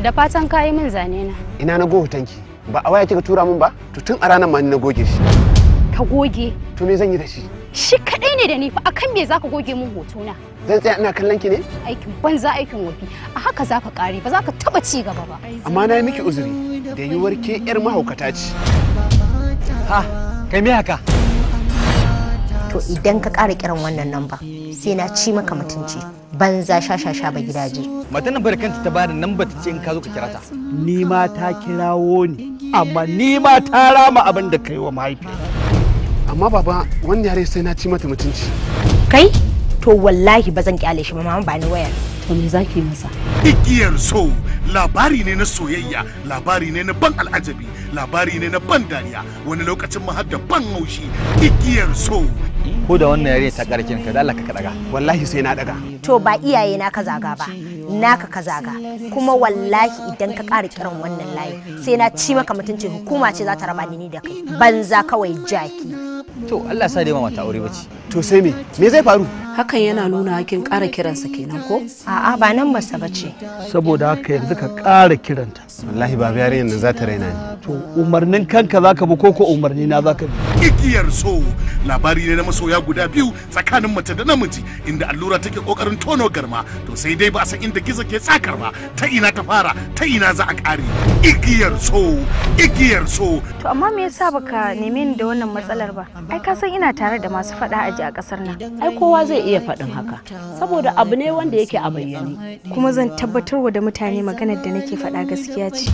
Da fatan ka yi min zane na. Ina na goge tanki. Ba a waya kika tura min ba? To tun a ranar ma ni na goge shi. Ka goge? To me zan yi da shi? Shi kadai ne da ni fa akan me zaka goge min hoto na. Zan tsaya ina kallon ki ne? Aikin banza aikin wafi. A haka zaka kare ba zaka taba ci gaba ba. Amma na yi miki uzuri da yiwuwar ke yar mahaukata ce. Ha, kai me haka? To idan ka ƙara kiran wannan namba sai na ci maka mutunci. banza shashasha ba gidaje matan nan kanta ta bada nan ta ce in ka zo ka kira ta ni ma ta kirawo ni amma ni ma ta rama abin da kai wa mahaifi amma baba wannan yare sai na ci mata mutunci kai to wallahi ba zan kyale shi ba mama ba ni wayar to me zaki masa igiyar so labari ne na soyayya labari ne na ban al'ajabi labari ne na ban dariya wani lokacin ma har da ban haushi igiyar so ko da wannan yare ta karkin ka da Allah ka daga wallahi sai na daga to ba iyaye na ka zaga ba naka ka zaga kuma wallahi idan ka ƙara kiran wannan layi sai na ci maka mutunci hukuma ce za ta raba ni da kai banza kawai jaki to Allah sa dai ma mata aure bace to sai me me zai faru hakan yana nuna kin ƙara kiransa kenan ko a'a ba nan masa bace saboda haka yanzu ka ƙara kiranta wallahi ba yarinyar yanzu za ta raina ni to umarnin kanka zaka bi ko ko umarni na zaka bi igiyar so labari ne na masoya guda biyu tsakanin mace da namiji inda allura take kokarin tono garma to sai dai ba a san inda gizo ke tsakar ba ta ina ta fara ta ina za a ƙare igiyar so igiyar so to amma me yasa baka neme ni da wannan matsalar ba ai ka san ina tare da masu faɗa a a kasar nan ai kowa zai iya faɗin haka saboda abu ne wanda yake a bayyane kuma zan tabbatarwa da mutane maganar da nake faɗa gaskiya ce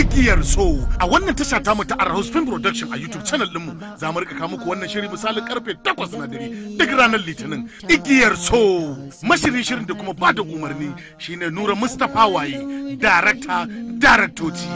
igiyar so a wannan tasha ta ta Arhouse Film Production a YouTube channel ɗinmu za mu rika kawo muku wannan shiri misalin karfe 8 na dare duk ranar Litinin igiyar so mashirin shirin da kuma ba da umarni shine Nura Mustapha Waye director daraktoci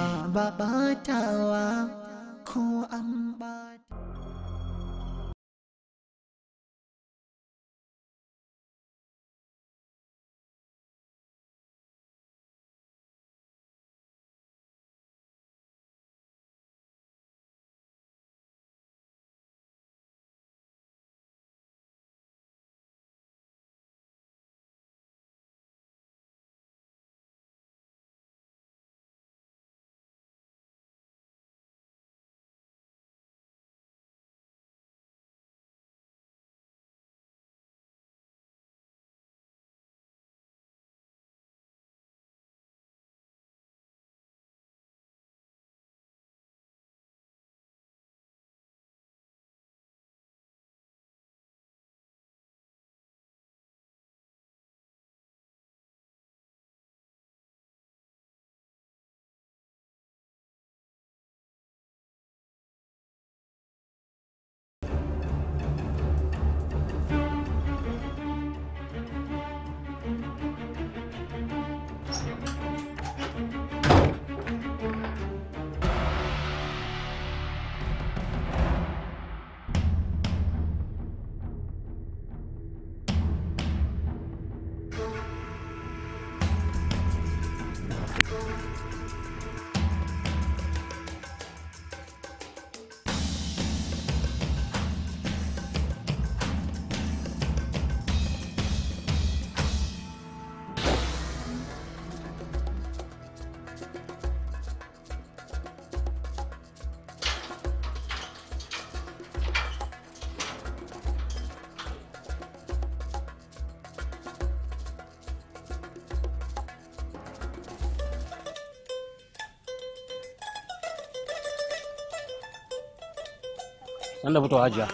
nan da fitowa hajiya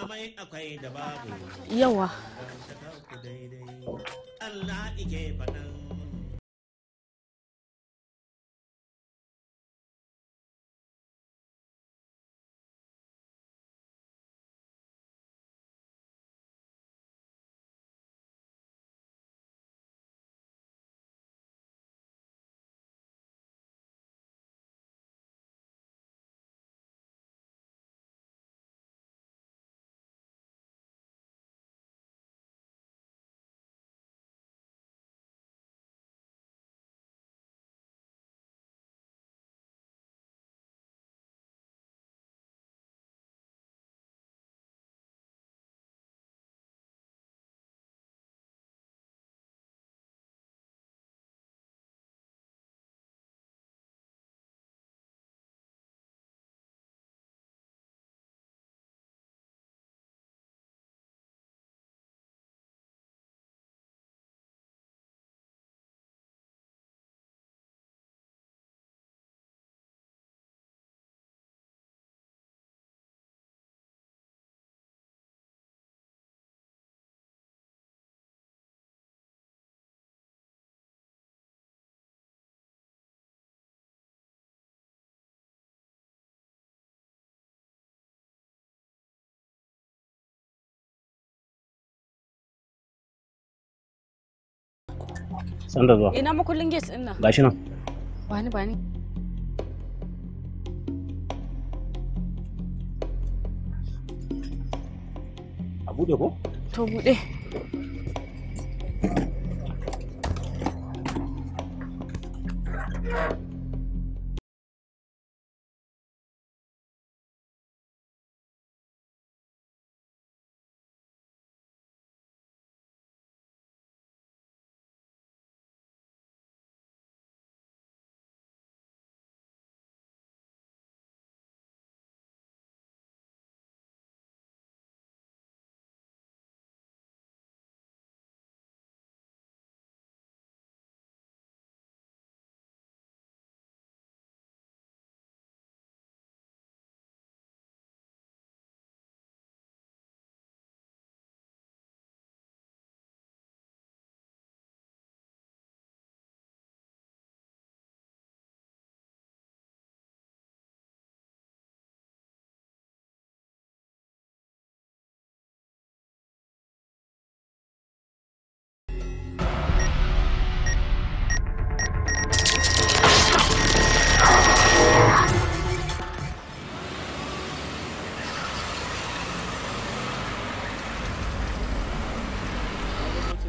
yawa Allah ike faɗin Sanda zuwa. Ina kullun gate ɗin nan. Gashi nan. Bani bani. A buɗe ko? To buɗe. Yeah.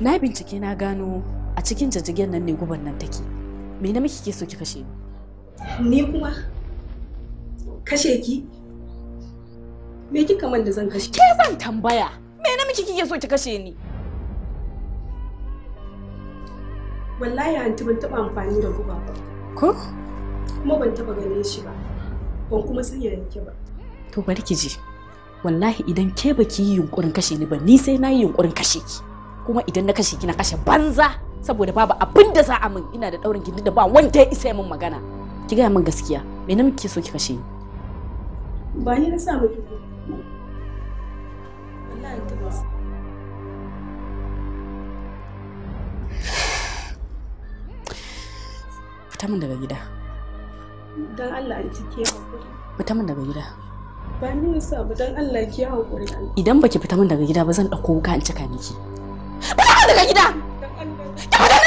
na bincike na gano a cikin jajjigen nan ne guban nan take me na miki ke so ki kashe ni ni kuma kashe ki me kika man da zan kashe ke zan tambaya me na miki kike so ki kashe ni wallahi anti ban taba amfani da guba ba ko kuma ban taba ganin shi ba ban kuma san ya yake ba to bari ki ji wallahi idan ke baki yi yunkurin kashe ni ba ni sai na yi yunkurin kashe ki kuma idan na kashe kina kashe banza saboda babu abin da za a min ina da daurin gindin da ba wanda ya isa min magana ki gaya min gaskiya me na muke so ki kashe ni ba ni na sa ba ki wallahi ta ba fita min daga gida dan Allah an cike hakuri fita min daga gida ba ni sa ba dan Allah ki hakuri idan baki fita min daga gida ba zan dauko wuka in cika miki Ba daga gida! ka fita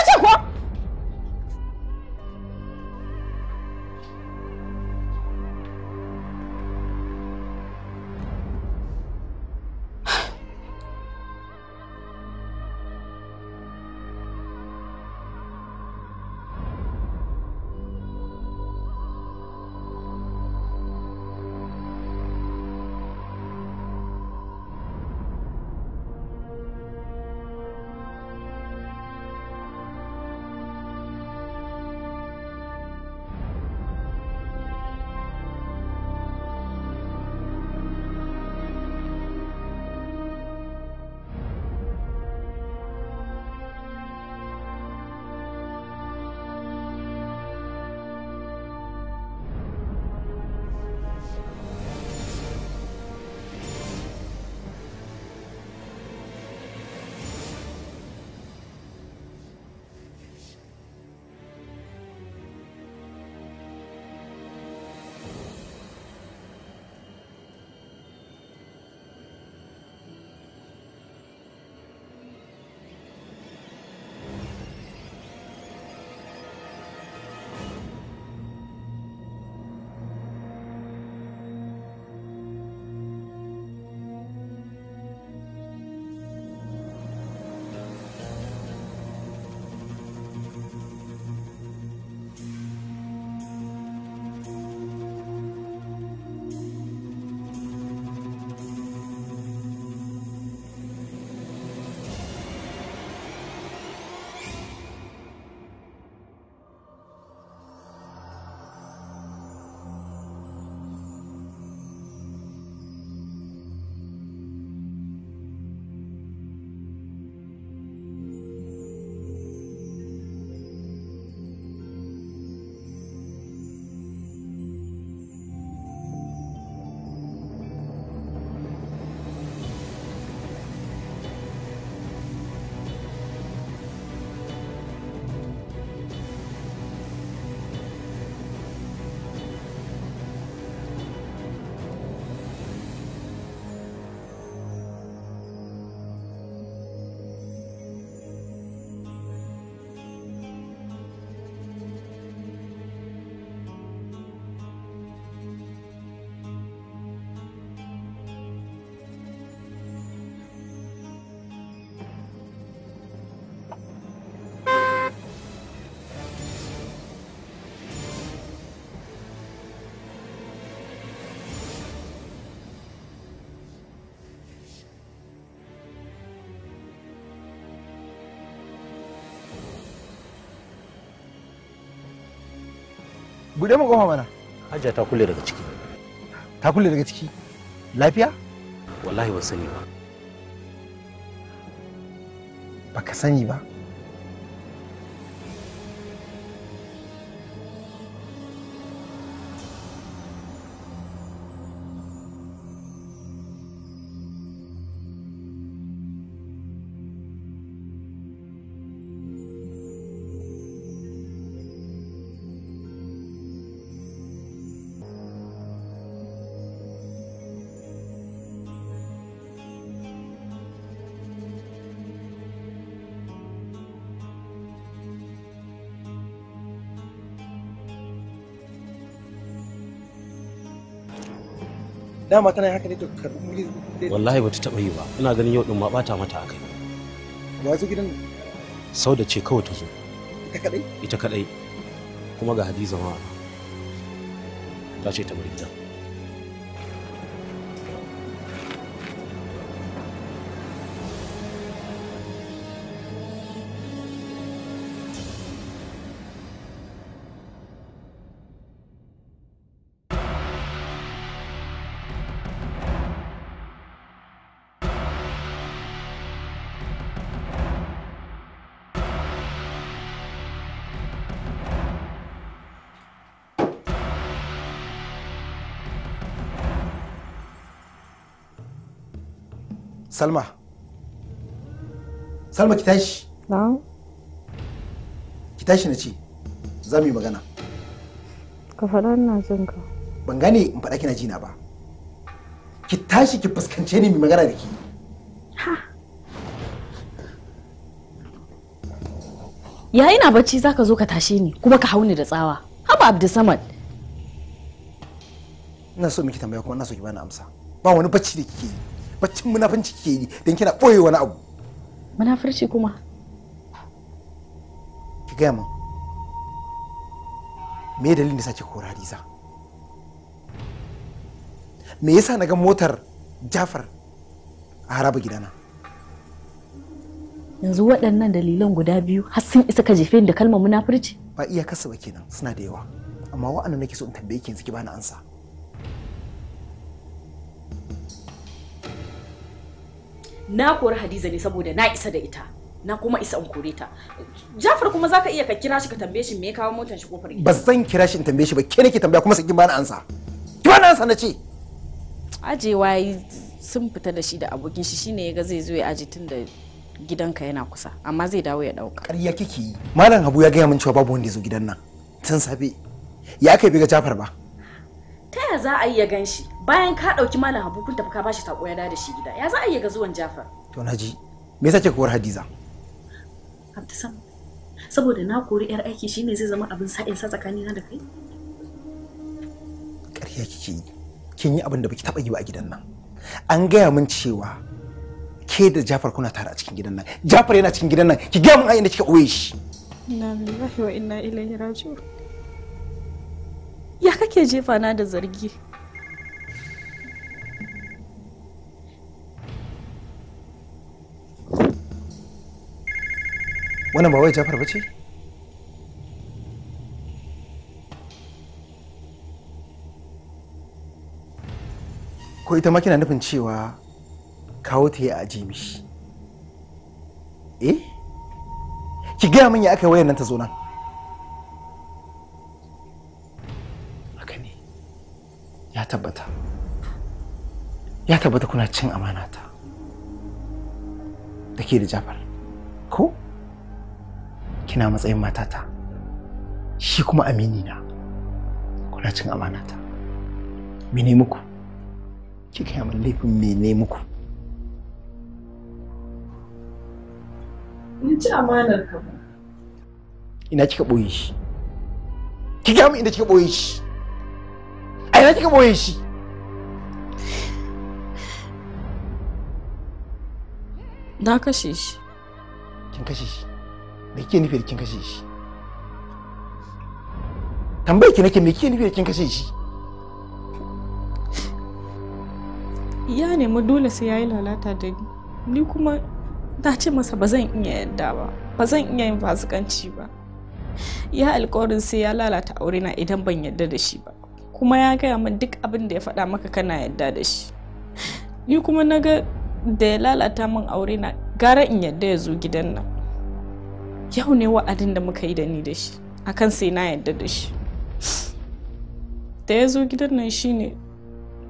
bude mu kofa mana hajiya ta kulle daga ciki ta kulle daga ciki lafiya wallahi ban sani ba baka sani ba dama tana haka ne to karbi wallahi bata taba yi ba ina ganin yau din ma bata mata akai ba su gidan sau da ce kawai ta zo ita kadai ita kadai kuma ga hadiza ma ta ce ta bar gidan salma salma ki tashi ki tashi na ce za mu yi magana ka faɗa ina jin ka ban gane in faɗa kina jina ba ki tashi ki fuskance ni mai magana da ki ya ina bacci za ka zo ka tashe ni kuma ka hauni da tsawa haba abdulsamad ina so miki tambaya kuma ina so ki bani amsa ba wani bacci da kike yi baccin munafanci ke yi don kina ɓoye wani abu munafurci kuma ki gaya min me dalilin da sake kora Hadiza me yasa na ga motar Jafar a haraba gidana yanzu waɗannan dalilan guda biyu har sun isa ka jefe da kalmar munafurci ba iya kasa ba kenan suna da yawa amma wa'annan nake so in tambaye ki yanzu ki bani ansa na kori hadiza ne saboda na isa da ita na kuma isa in kore ta jafar kuma zaka iya ka kira shi ka tambaye shi me ya kawo motar shi kofar gida ba zan kira shi in tambaye shi ba ke nake tambaya kuma sakin bani ansa ki bani ansa na ce ajewa sun fita da shi da abokin shi shine ya ga zai zo ya aje tun da gidanka yana kusa amma zai dawo ya dauka ƙarya kike yi malam habu ya gaya min cewa babu wanda ya zo gidan nan tun safe ya kai bi ga jafar ba ta ya za a yi ya gan shi bayan ka ɗauki malam habu kun tafi ka bashi sako ya da shi gida ya za a iya ga zuwan jafar to naji me yasa kika kowar hadiza abdusam saboda na kori yar aiki shine zai zama abin sa'in sa tsakani na da kai ƙarya kike yi kin yi abin da baki taɓa yi a gidan nan an gaya min cewa ke da jafar kuna tare a cikin gidan nan jafar yana cikin gidan nan ki gaya min a inda kika ɓoye shi inna lillahi wa inna ilaihi raji'un ya kake jefa na da zargi wannan ba wai jafar ba ce ko ita ma kina nufin cewa kawo ta yi a mishi eh ki gaya min ya aka wayar nan ta zo nan haka ne ya tabbata ya tabbata kuna cin amanata ta da ke da jafar ko kina matsayin matata shi kuma amini na kuna cin amanata mene muku kika yi min laifin mene muku Ni ci amanar ka ba. Ina kika boye shi? Ki ga mu inda kika boye shi. A ina kika boye shi? Na kashe shi. Kin kashe shi? me kike nufi da kin kashe shi tambayar ki nake me kike nufi da kin kashe shi ya nemi dole sai yayi lalata da ni ni kuma ta ce masa ba zan iya yadda ba ba zan iya yin fasikanci ba ya alkawarin sai ya lalata aure na idan ban yadda da shi ba kuma ya gaya min duk abin da ya faɗa maka kana yadda da shi ni kuma na ga da ya lalata min aure na gara in yadda ya zo gidan nan yau ne wa'adin da muka yi da ni da shi akan sai na yadda da shi da ya zo gidan nan shine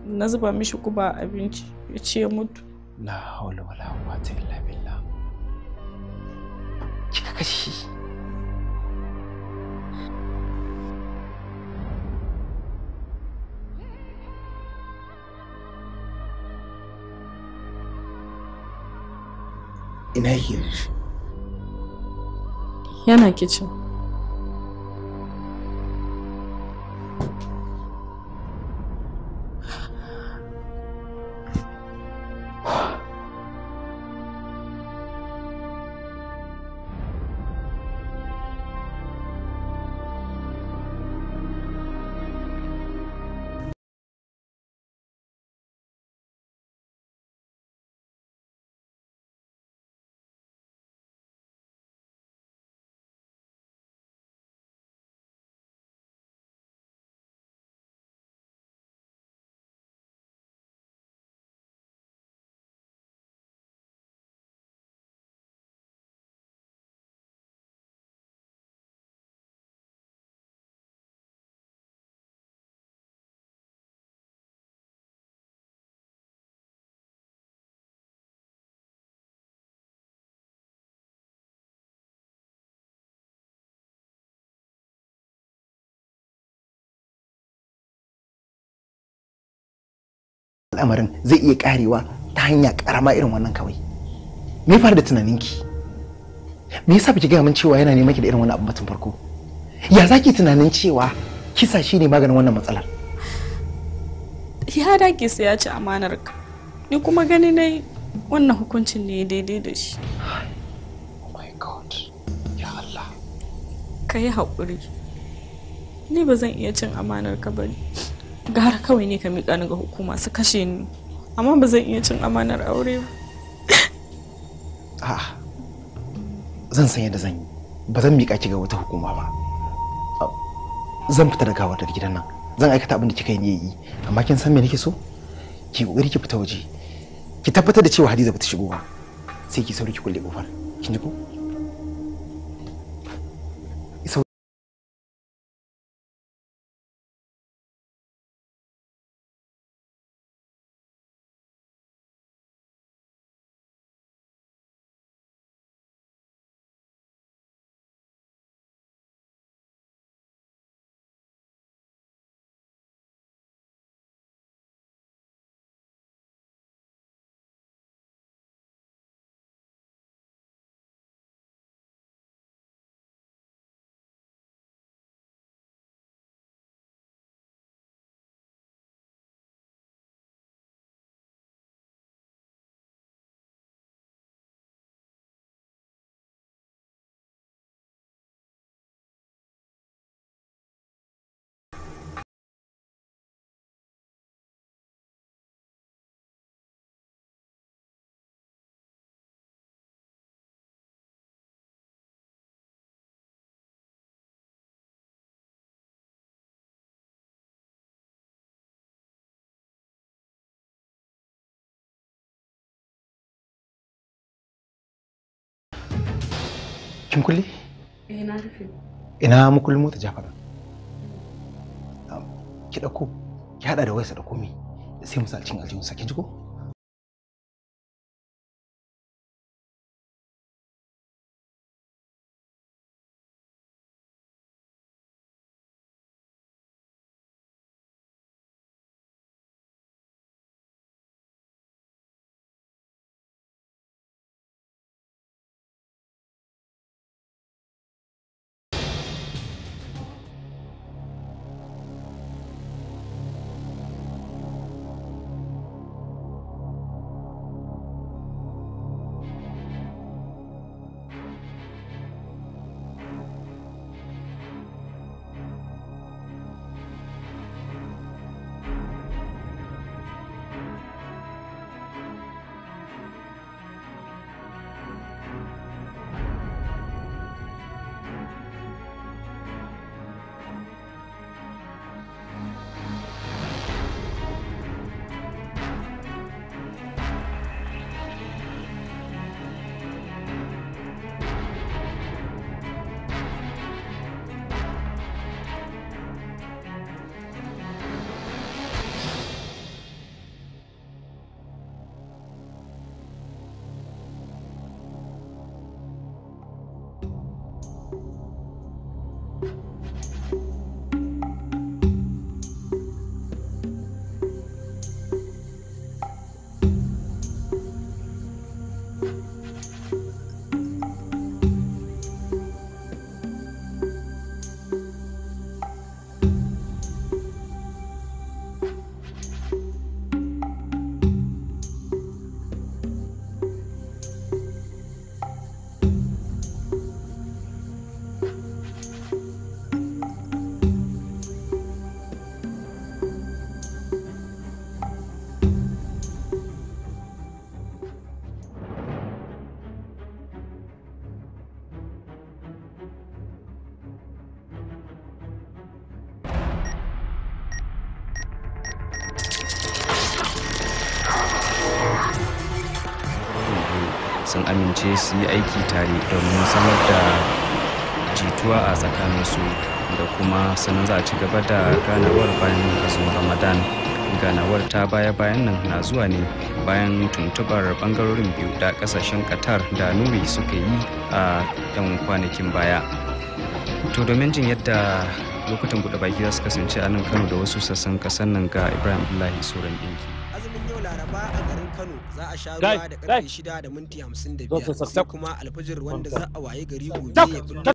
na zuba mishi guba abinci ya ce mutu la haula wala quwwata illa billah kika kashi ina yake yana kicin al'amarin zai iya karewa ta hanya karama irin wannan kawai me fara da tunaninki me yasa biki gaya min cewa yana neman ki da irin wannan abu batun farko ya zaki tunanin cewa kisa shine maganin wannan matsalar ya dake sai ya ci amanar ka ni kuma gani nai wannan hukuncin ne daidai da shi oh my god ya Allah ka yi haƙuri ni ba zan iya cin amanar ka ba ne gara kawai ne ka miƙa ni ga hukuma su kashe ni amma ba zan iya cin amanar aure ba a'a ah, zan san yadda zan yi ba zan miƙa ki ga wata hukuma ba zan fita da gawar da gidan nan zan aikata abin da kika yi ne yi amma kin san me nake so ki kokari ki fita waje ki tabbatar da cewa Hadiza bata shigo ba sai ki sauri ki kulle kofar kin ji ko kin kulle eh, rufe ina mukullin mota jafara ki dauko ki haɗa da waisa da komai sai mu sa cikin aljihun sa kin ji ko kasance su yi aiki tare domin samar da jituwa a tsakanin su da kuma sannan za a ci gaba da ganawar bayan azumin ramadan ganawar ta baya-bayan nan na zuwa ne bayan tuntubar bangarorin biyu da kasashen qatar da nuri suka yi a yan kwanakin baya to domin jin yadda lokutan buɗe baki za su kasance a nan kano da wasu sassan kasar nan ga ibrahim abdullahi tsoron ɗinki azumin Kano za a sha ruwa da karfe shida da minti da sai kuma alfajir wanda za a waye gari gobe ya fito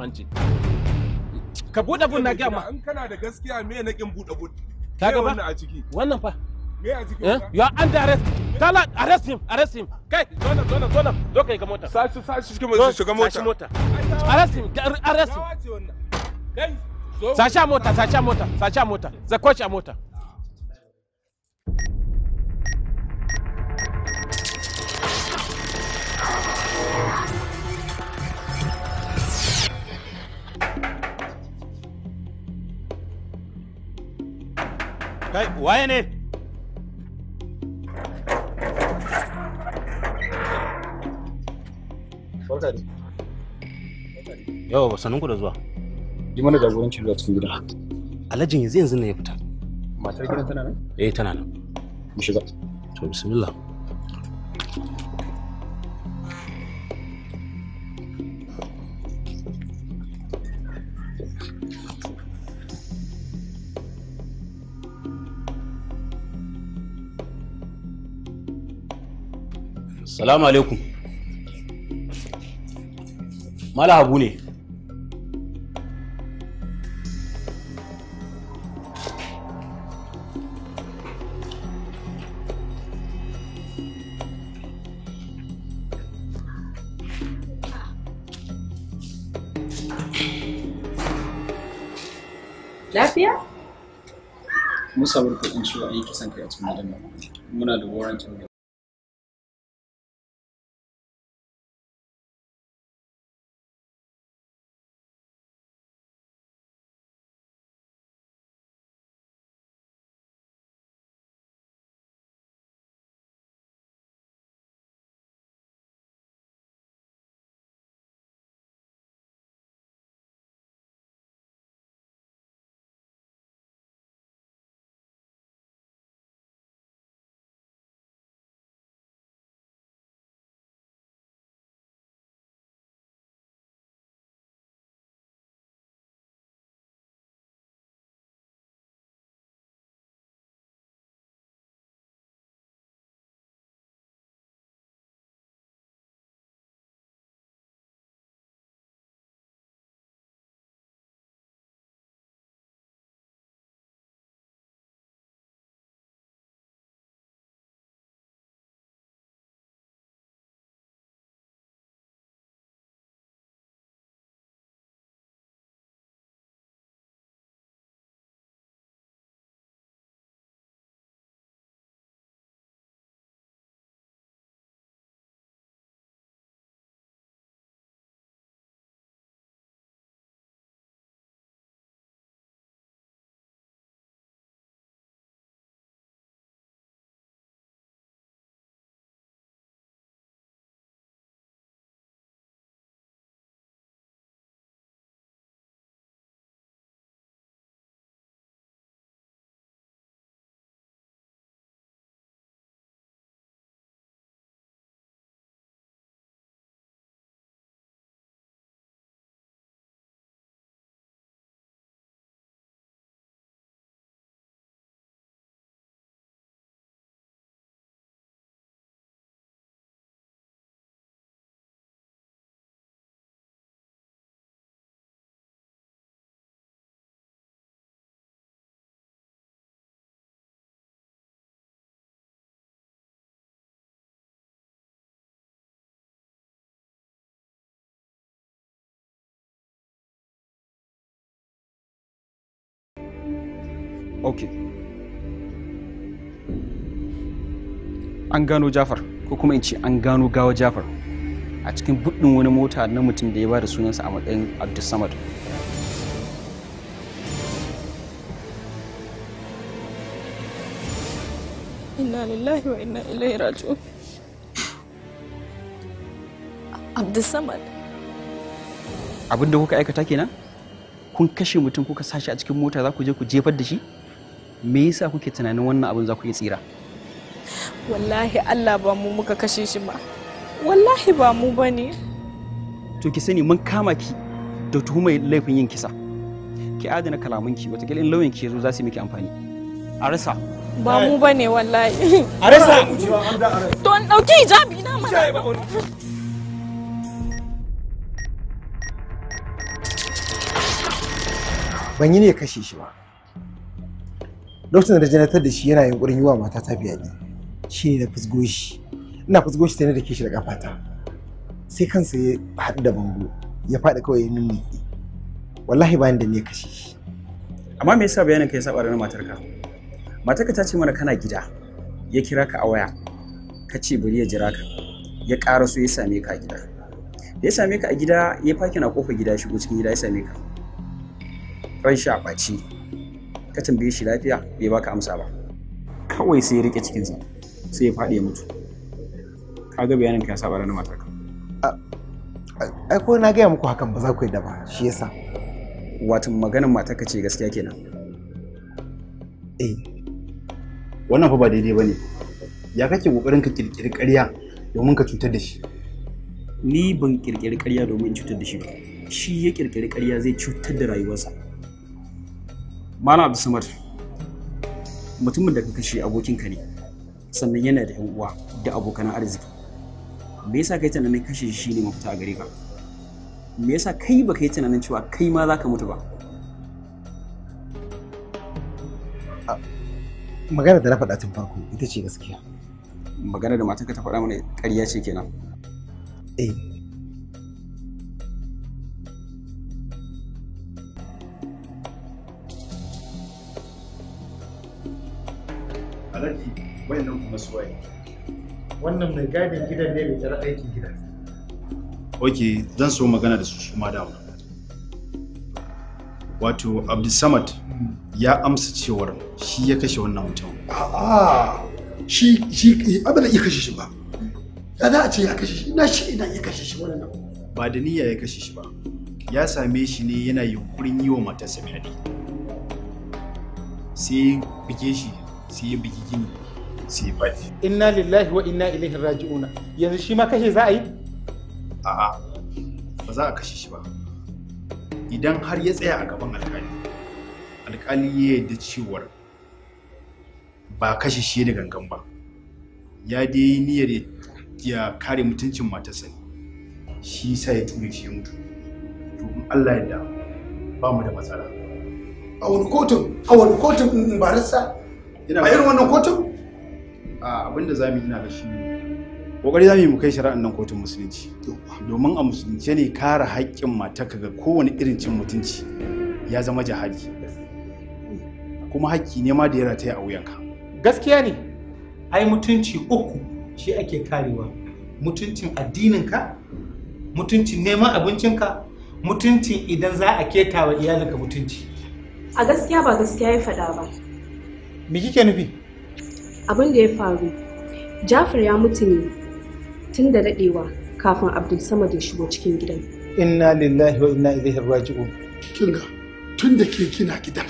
hanci ka buɗe bun na gaya ma in kana da gaskiya me na buɗe ka wannan a ciki wannan fa me a ciki eh? you arrest tala arrest him arrest him kai zona zona zona zo kai ga mota sashi sashi mota shiga mota sashi mota arrest him arrest him kai sashi mota sashi mota sashi mota a mota Kai, waye ne? Barka da. Yau, sanunku da zuwa. Yi mana jagoranci zuwa cikin gida. Alhajin yanzu yanzu ne ya fita. Matar gidan tana nan? Eh, tana nan. Mu shiga. To, bismillah. salamu alaikum mala habu ne lafiya? Musa barka in ciwo aiki san kai a cikin madana. muna da warrantin da ok an gano jafar ko kuma in ce an gano gawa jafar a cikin buɗin wani mota na mutum da ya ba da sunansa a matsayin abdulsamad inna lillahi wa inna ilaihi raji'un abdulsamad da kuka aikata kenan kun kashe mutum kuka sashi a cikin mota za ku je ku jefar da shi me yasa kuke tunanin wannan abin za ku yi tsira wallahi Allah ba mu muka kashe shi ba wallahi ba mu ba ne to ki sani mun kama ki da tuhumai laifin yin kisa ki adana kalamanki watakila in lauyan ki zo za su miki amfani a rasa ba mu ba ne wallahi a rasa to an dauki hijabi na mana ban yi ne kashe shi ba lokacin da janatar da shi yana yunkurin yi wa mata ta fyaɗe shi ne na fusgo shi ina fusgo shi sai na dake shi da kafata sai kansa ya haɗu da bango ya faɗi kawai ya mimmiƙe wallahi bayan da ne kashe shi amma me yasa bayanin ka ya saba ranar matarka matarka ta ce mana kana gida ya kira ka a waya ka ce bari ya jira ka ya ƙara so ya same ka a gida da ya same ka a gida ya fakin a kofar gida shigo cikin gida ya same ka ran shi a ɓaci ka tambaye shi lafiya bai baka amsa ba kawai sai ya rike sa sai ya faɗi ya mutu kaga bayanin ka ya saba da matar ka ai ko na gaya muku hakan ba za ku yi da ba shi yasa wato maganar matar ka ce gaskiya kenan eh wannan fa ba daidai bane ya kake kokarin ka kirkiri ƙarya domin ka cutar da shi ni ban kirkiri ƙarya domin cutar da shi ba shi ya kirkiri ƙarya zai cutar da rayuwarsa Malam Samad, mutumin da ka kashe abokinka ne sannan yana da yan uwa da abokan arziki. Me yasa kai tunanin kashe shi ne mafita a gare ka? Me yasa kai baka yi tunanin cewa kai ma za ka mutu ba? Magana da na faɗa tun farko ita ce gaskiya. Magana da matanka ta faɗa mana ƙarya ce kenan. Eh, raki wayannan kuma suwaye wannan mai gadin gidan ne mai tare aikin gida ok zan so magana da su su ma dama wato abdulsamad hmm. ya amsa cewar shi ya kashe wannan mutum a'a shi shi abin ya kashe shi ba ya za a ce ya kashe shi ina shi ina ya kashe shi wannan ba da niyya ya kashe shi ba ya same shi ne yana yunkurin yi wa matarsa fyaɗe sai bige shi sai yi bigi gini sai ya faɗi. Inna lillahi wa inna ilaihi raji'una yanzu shi ma kashe za a yi? A'a ba za a kashe shi ba. Idan har ya tsaya a gaban alkali, alkali ya yarda cewar ba kashe shi da gangan ba. Ya dai niyyar ya kare mutuncin matarsa ne. Shi sa ya ture shi ya mutu. To Allah ya da ba mu da matsala. A wani kotun, a wani kotun barista a irin wannan kotun a abinda mu yi na da shi kokari zamu yi mu kai shari'an nan kotun musulunci domin a musulunci ne kare haƙƙin mata kaga kowane irin cin mutunci ya zama jihadi kuma haƙƙi ne ma da ya yi a wuyanka gaskiya ne ai mutunci uku shi ake karewa mutuncin addininka mutuncin neman abincinka mutuncin idan za a keta wa iyalinka mutunci a gaskiya ba gaskiya ya faɗa ba Me kike nufi? Abin da ya faru, Jafar ya mutu ne tun da daɗewa kafin Abdul Samad ya shigo cikin gidan. Inna lillahi wa inna ilaihi raji'un. Kinga, tun da ke kina gidan.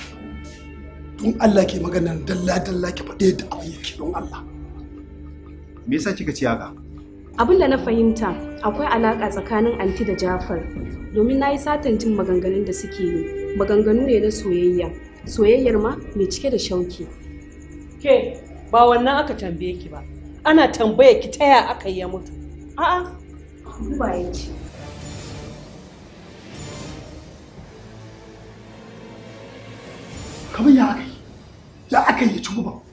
Don Allah ke magana dalla dalla ki faɗe da abin yake don Allah. Me yasa kika ci haka? Abin da na fahimta akwai alaka tsakanin anti da Jafar domin na yi satan jin maganganun da suke yi maganganu ne na soyayya soyayyar ma mai cike da shauki. ke ba wannan aka tambaye ki ba ana tambaye ki ta ya aka yi ya mutu a'a duba ya ce kamar ya aka yi ya aka yi ci guba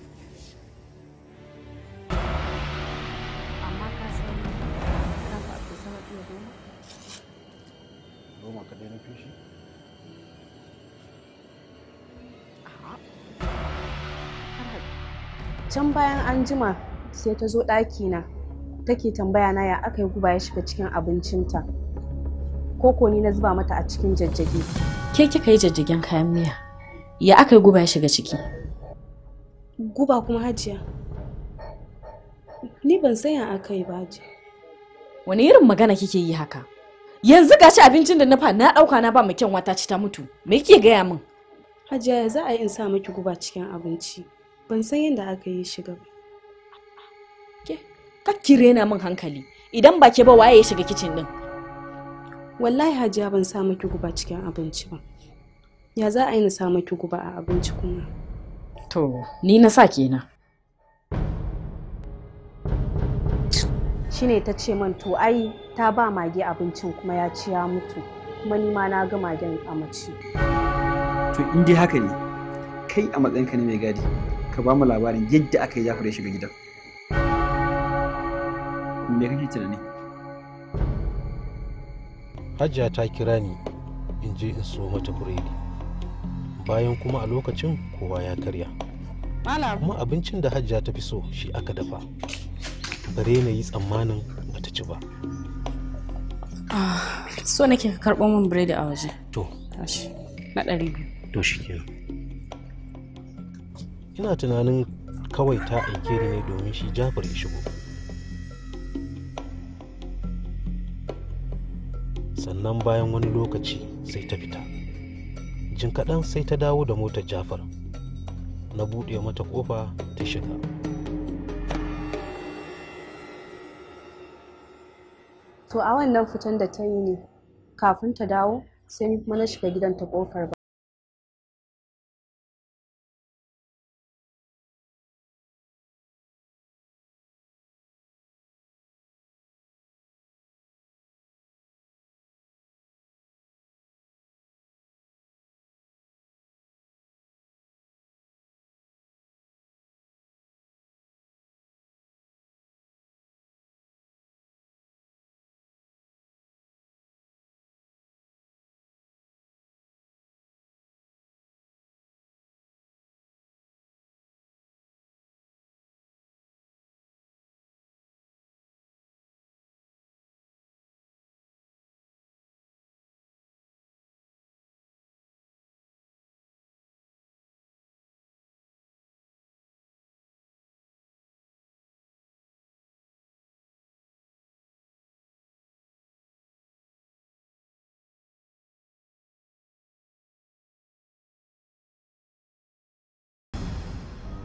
can bayan an jima sai ta zo ɗakina take tambaya na ya aka yi guba ya shiga cikin abincinta koko ni na zuba mata a cikin jajjage ke kika yi jajjagen kayan miya ya aka yi guba ya shiga ciki guba kuma hajiya ni ban san ya aka yi ba ji wani irin magana kike yi haka yanzu gashi abincin da na fa na ɗauka na ba mu kyanwa ta ci ta mutu me kike gaya min hajiya ya za a yi in sa miki guba cikin abinci ban san yadda aka yi shiga ba ke kakki rena min hankali idan ba ke ba waye ya shiga kicin din wallahi hajiya ban sa maki guba cikin abinci ba ya za a yi na sa maki guba a abinci kuma to ni na sa kenan shine ta ce man to ai ta ba mage abincin kuma ya ci ya mutu kuma ni ma na ga magen a mace to in dai haka ne kai a matsayin ka ne mai gadi ka ba mu labarin yadda aka yi Jafar ya shiga gidan me kake tunani Hajiya ta kira ni in je in so mata buredi bayan kuma a lokacin kowa ya karya kuma abincin da Hajiya ta fi so shi aka dafa bare na yi tsammanin bata ci ba ah, so nake ka karɓo min biredi a waje to na ɗari biyu to shi kenan ina tunanin kawai ta aike ni ne domin shi jafar ya shigo sannan bayan wani lokaci sai ta fita jin kaɗan sai ta dawo da motar jafar na buɗe mata ƙofa ta shiga to a wannan fitan da ta yi ne kafin ta dawo sai kuma shiga gidan ta ƙofar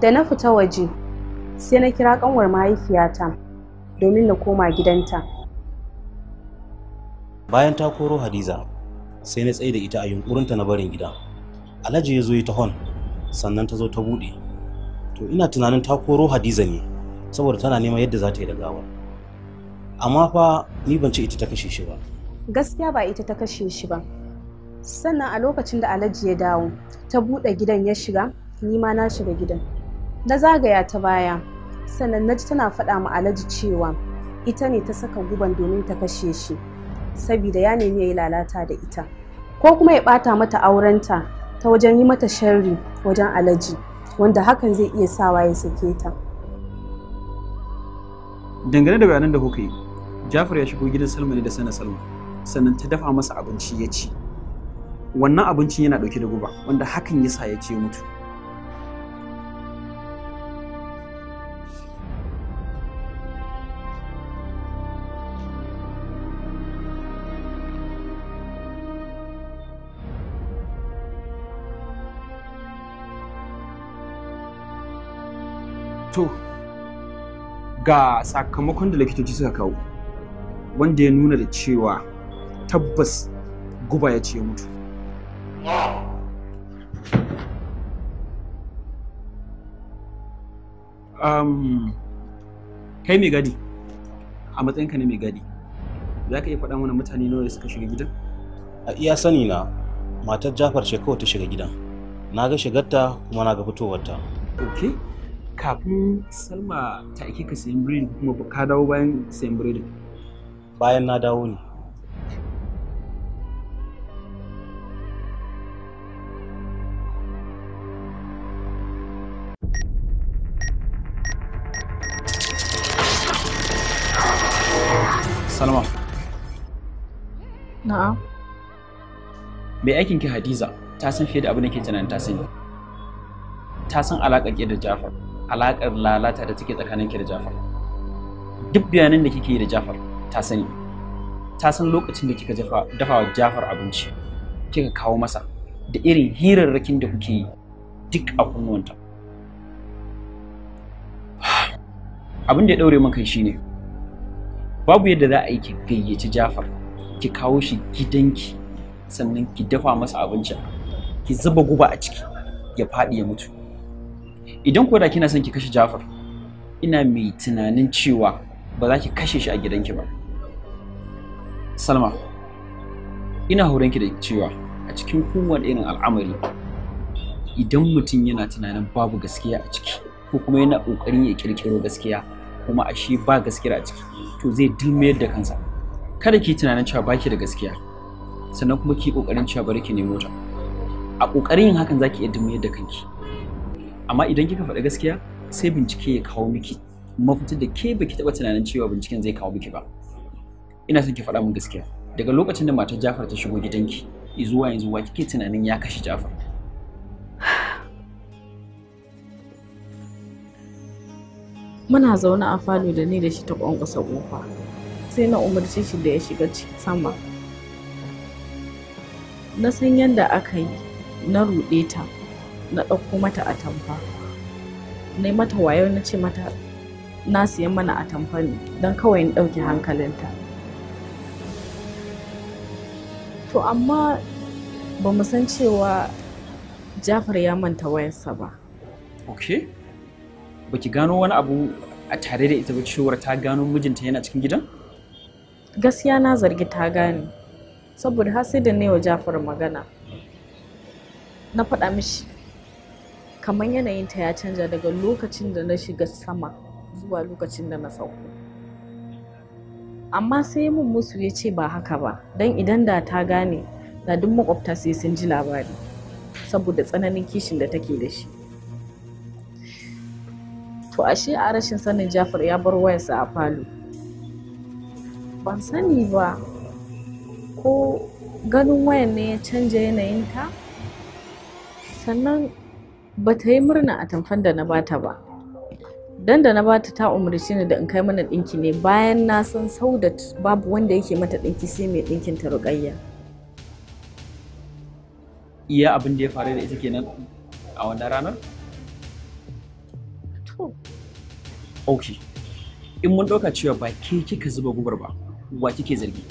da na fita waje sai na kira kanwar mahaifiyata domin na koma gidanta bayan ta koro hadiza sai na tsaye da ita a yunkurinta na barin gida alhaji ya zo yi ta hon sannan ta zo ta buɗe to ina tunanin ta koro hadiza ne saboda tana neman yadda za ta yi da gawa. amma fa ni ban ce ita ta kashe shi ba gaskiya ba ita ta kashe shi ba sannan a lokacin da alhaji ya dawo ta buɗe gidan ya shiga ni ma na shiga gidan na zagaya ta baya sannan na ji tana faɗa ma alaji cewa ita ne ta saka guban domin ta kashe shi saboda ya nemi ya yi lalata da ita ko kuma ya ɓata mata aurenta ta wajen yi mata sharri wajen alaji wanda hakan zai iya sawa ya sake ta dangane da bayanan da kuka yi jafar ya shigo gidan salma ne da sana salma sannan ta dafa masa abinci ya ci wannan abincin yana ɗauke da guba wanda hakan ya sa ya ce mutu to ga sakamakon da likitoci suka kawo wanda ya nuna da cewa tabbas guba ya ce mutu um, kai mai gadi a matsayinka na mai gadi za ka iya faɗa mana mutane nawa suka shiga gidan a iya sani na matar jafar ce kawai ta shiga gidan na ga shigarta kuma na ga fitowarta okay kafin salma ta aike ka sayan biredi kuma ka dawo bayan sayan biredin bayan na dawo ne Salma. Na'am. Mai aikin ki Hadiza ta san fiye da abin da ke tunanin ta sani. Ta san alaƙa ke da Jafar. alaƙar lalata da take tsakaninki da Jafar duk bayanan da kike yi da Jafar ta sani ta san lokacin da kika dafa wa Jafar abinci kika kawo masa da irin hirarrakin da kuke yi duk a kunnuwanta abin da ya daure min kai shine babu yadda za a yi ki gayyaci Jafar ki kawo shi gidanki sannan ki dafa masa abinci ki zuba guba a ciki ya faɗi ya mutu idan ko da kina son ki kashe Jafar ina mai tunanin cewa ba za ki kashe shi a gidanki ba Salma ina ki da cewa a cikin kowane irin al'amari idan mutum yana tunanin babu gaskiya a ciki ko kuma yana ƙoƙarin ya ƙirƙiro gaskiya kuma ashe ba gaskiya a ciki to zai dulmayar da kansa kada ki tunanin cewa baki da gaskiya sannan kuma ki kokarin cewa bari ki nemo ta a ƙoƙarin yin hakan zaki iya dulmayar da kanki amma idan kika faɗi gaskiya sai bincike ya kawo miki mafita da ke baki taɓa tunanin cewa binciken zai kawo miki ba ina son ki faɗa min gaskiya daga lokacin da matar Jafar ta shigo gidanki zuwa yanzu wa kike tunanin ya kashe Jafar muna zaune a falo da ni da shi ta kwankwasa kofa sai na umarce shi da ya shiga sama na san yadda aka yi na ruɗe ta na ɗauko mata atamfa na yi mata wayo na ce mata na siyan mana atamfa ne don kawai in ɗauki hankalinta to amma ba mu san cewa jafar ya manta wayarsa ba ok ba ki gano wani abu a tare da ita ba cewar ta gano mijinta yana cikin gidan gaskiya na zargi ta gane saboda har sai da ne wa jafar magana na faɗa mishi kamar yanayinta ya canza daga lokacin da na shiga sama zuwa lokacin da na sauko amma sai mun musu ya ce ba haka ba don idan da ta gane na duk makwabta sai sun ji labari saboda tsananin kishin da take da shi to ashe a rashin sanin jafar ya bar wayarsa a falo ban sani ba ko ganin wayan ne ya canja yanayinta sannan ba ta yi murna a tamfan da na bata ba dan da na bata ta umarci ni da in kai mana ɗinki ne bayan na san sau da babu wanda yake mata dinki sai mai ɗinkinta ta ruƙayya iya abin da ya faru da ita kenan a wannan ranar to ok in mun ɗauka cewa ba ke kika zuba gubar ba wa kike zargi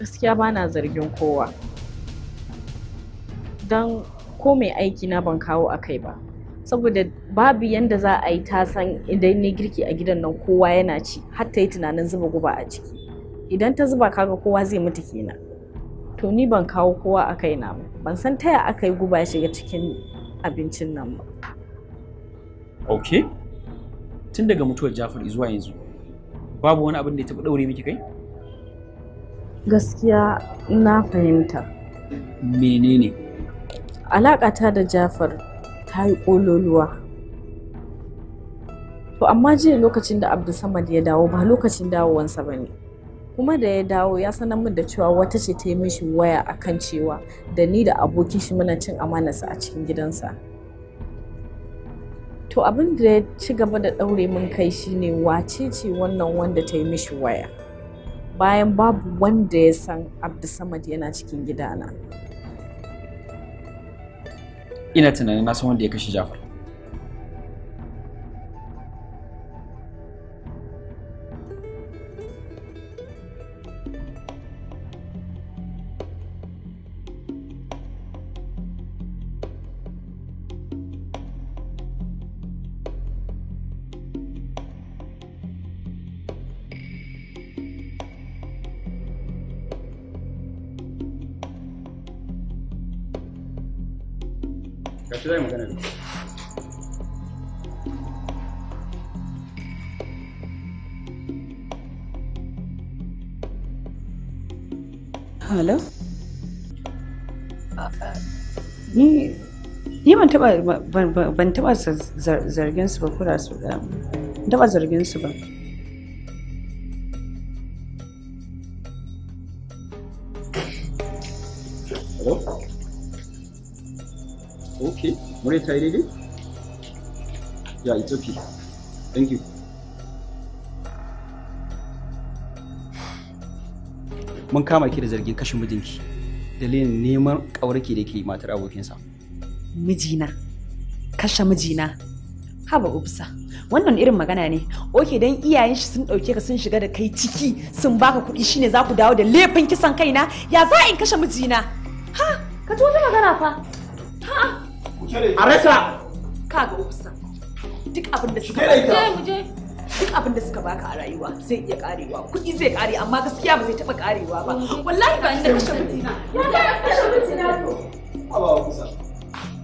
gaskiya ba zargin kowa don ko mai aiki na ban kawo a kai ba saboda babu yadda za a yi ta san idan ne girki a gidan nan kowa yana ci har ta yi tunanin zuba guba a ciki idan ta zuba kaga kowa zai mutu kenan to ni ban kawo kowa a kai na ban san taya aka yi guba ya shiga cikin abincin nan ba ok tun daga mutuwar jafar zuwa yanzu babu wani abin da ya taɓa ɗaure miki kai gaskiya na fahimta menene alaƙata da jafar ta yi ƙololuwa to amma jiya lokacin da abdulsamad ya dawo ba lokacin dawowansa ba ne kuma da ya dawo ya sanar min da cewa wata ce ta yi mishi waya a kan cewa da ni da abokin shi muna cin amanarsa a cikin gidansa to abin da ya ci gaba da ɗaure min kai shine wace ce wannan wanda ta yi mishi waya bayan babu wanda ya san abdulsamad yana cikin gidana. ina tunanin na san wanda ya kashe Jafar shi zai magana Hello? Uh, uh, ni ni ban taba ban taba zargin su um, ba kura su ba. Ban taba zargin su ba. Murya ta yi daidai? Yeah, it's okay. Thank you. Mun kama ki da zargin kashin mijinki. Dalilin neman ƙauraki da ke matar abokinsa. Mijina. Kashe mijina. Haba ubsa. Wannan irin magana ne. Oke dan iyayen shi sun ɗauke ka sun shiga da kai ciki sun baka kuɗi shine za ku dawo da laifin kisan kaina ya za in kashe mijina. Ha! Ka ji magana fa. a rasa kaga usa duk abin da suka duk abin da suka baka a rayuwa zai iya karewa kuɗi zai kare amma gaskiya ba zai taɓa karewa ba mm. wallahi ba inda kashe mutina ya ga kashe mutina to abawa kusa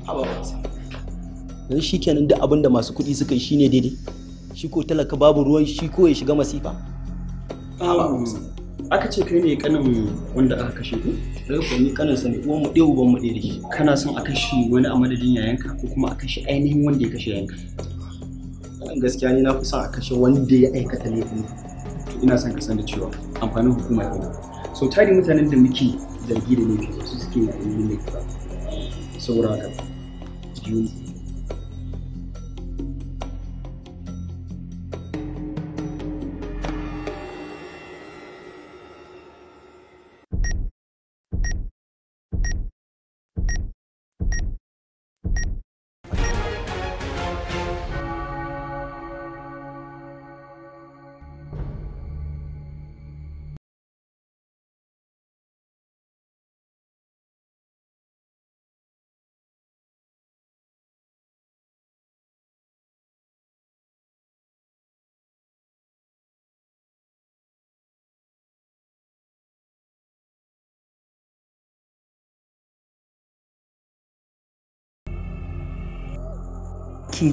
abawa kusa dan shi kenan duk abin da masu kuɗi suka yi shine daidai shi ko talaka babu ruwan shi ko ya shiga masifa abawa kusa aka ce kai ne kanin wanda aka kashe ku daga eh, kuwa ni kanin sa ne uwan mu ɗaya uban mu ɗaya dake kana son a kashe wani a madadin yayanka ko kuma a kashe ainihin wanda ya kashe yayanka gaskiya ni na fi son a kashe wanda ya aikata laifin to ina son ka san da cewa amfanin hukuma ne so tari mutanen da muke zargi da laifi su suke yayin laifi ba saboda haka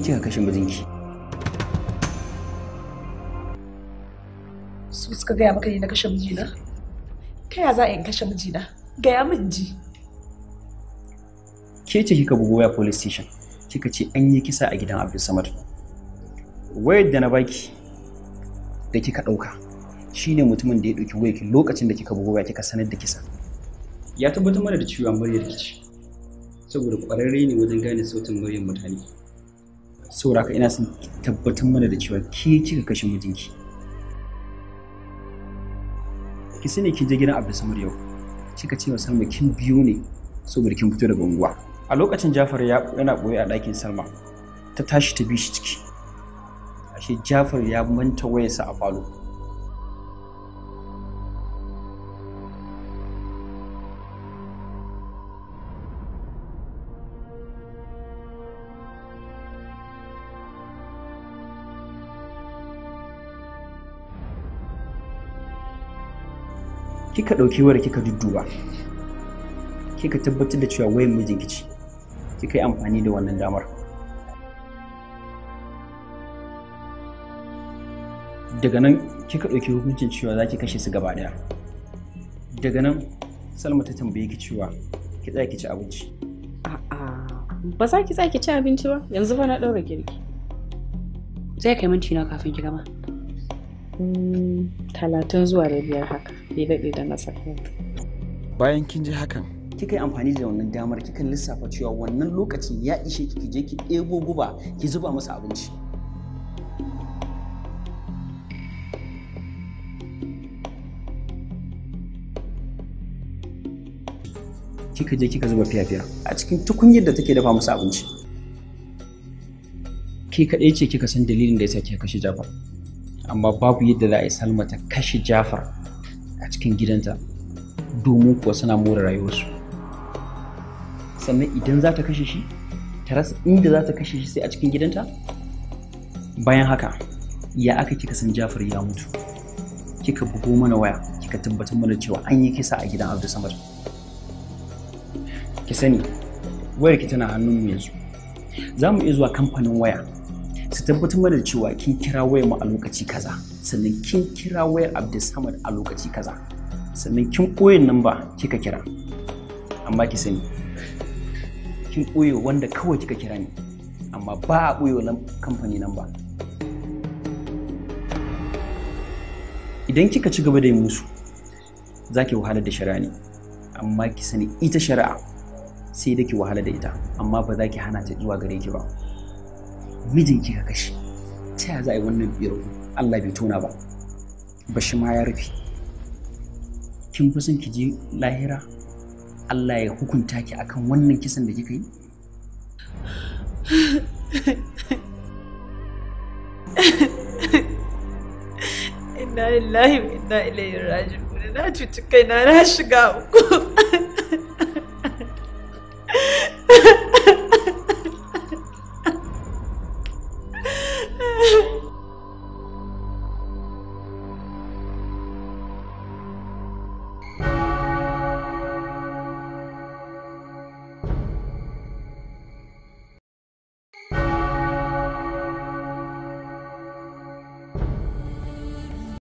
ke kika kashe mijinki su suka gaya maka ne na kashe mijina ta ya za a yi kashe mijina gaya min ji ke ce kika bugu waya police station kika ce an yi kisa a gidan abdul samad wayar da na baki da kika ɗauka shine mutumin da ya ɗauki wayakin lokacin da kika bugu waya kika sanar da kisa ya tabbatar mana da cewa muryar ki ce saboda ƙwararre ne wajen gane sautin muryar mutane saboda ina son tabbatar mana da cewa ke kika kashe mijinki ki sani kin je gidan Abdulsamir yau kika ce wa Salma kin biyo ne saboda kin fito daga unguwa a lokacin Jafar yana boye a ɗakin Salma ta tashi ta bi shi ciki ashe Jafar ya manta wayarsa a falo kika ɗauki wayar kika dudduba kika tabbatar da cewa wayan mijinki ce kika yi amfani da wannan damar daga nan kika ɗauki hukuncin cewa za ki kashe su gaba ɗaya daga nan salma ta tambaye ki cewa ki tsaya ki ci abinci a'a ba za ki tsaya ki ci abinci ba yanzu ba na ɗaura girki zai kai minti na kafin ki gama talatin zuwa da biyar haka bai daɗe da na saka bayan kin ji hakan kika yi amfani da wannan damar kika lissafa cewa wannan lokacin ya ishe ki je ki ɗebo guba ki zuba masa abinci kika je kika zuba fiya-fiya a cikin tukunyar da take dafa masa abinci ke kaɗai ce kika san dalilin da ya sa kika kashe jafar amma babu yadda za a yi salma ta kashe jafar a cikin gidanta domin kuwa suna more rayuwarsu sannan idan za ta kashe shi ta rasa inda za ta kashe shi sai a cikin gidanta bayan haka ya aka kika san jafar ya mutu kika bugo mana waya kika tabbatar mana cewa an yi kisa a gidan abdu samad ki sani wayar ki tana hannun mu yanzu za mu iya zuwa kamfanin waya su tabbatar mana da cewa kin kira wayar mu a lokaci kaza sannan kin kira wayar Abdulsamad a lokaci kaza sannan kin koye namba kika kira amma ki sani kin koye wanda kawai kika kira ne amma ba a wa kamfani namba idan kika ci gaba da yin musu za ki wahalar da shari'a ne amma ki sani ita shari'a sai da ki wahala da ita amma ba za ki hana ta zuwa gare ki ba mijinki ka kashe ta ya za a yi wannan biro Allah bai tona ba ba shi ma ya rufe kin fi son ki je lahira Allah ya hukunta ki akan wannan kisan da kika yi inna lillahi wa inna ilaihi raji'un na cuci kaina na shiga uku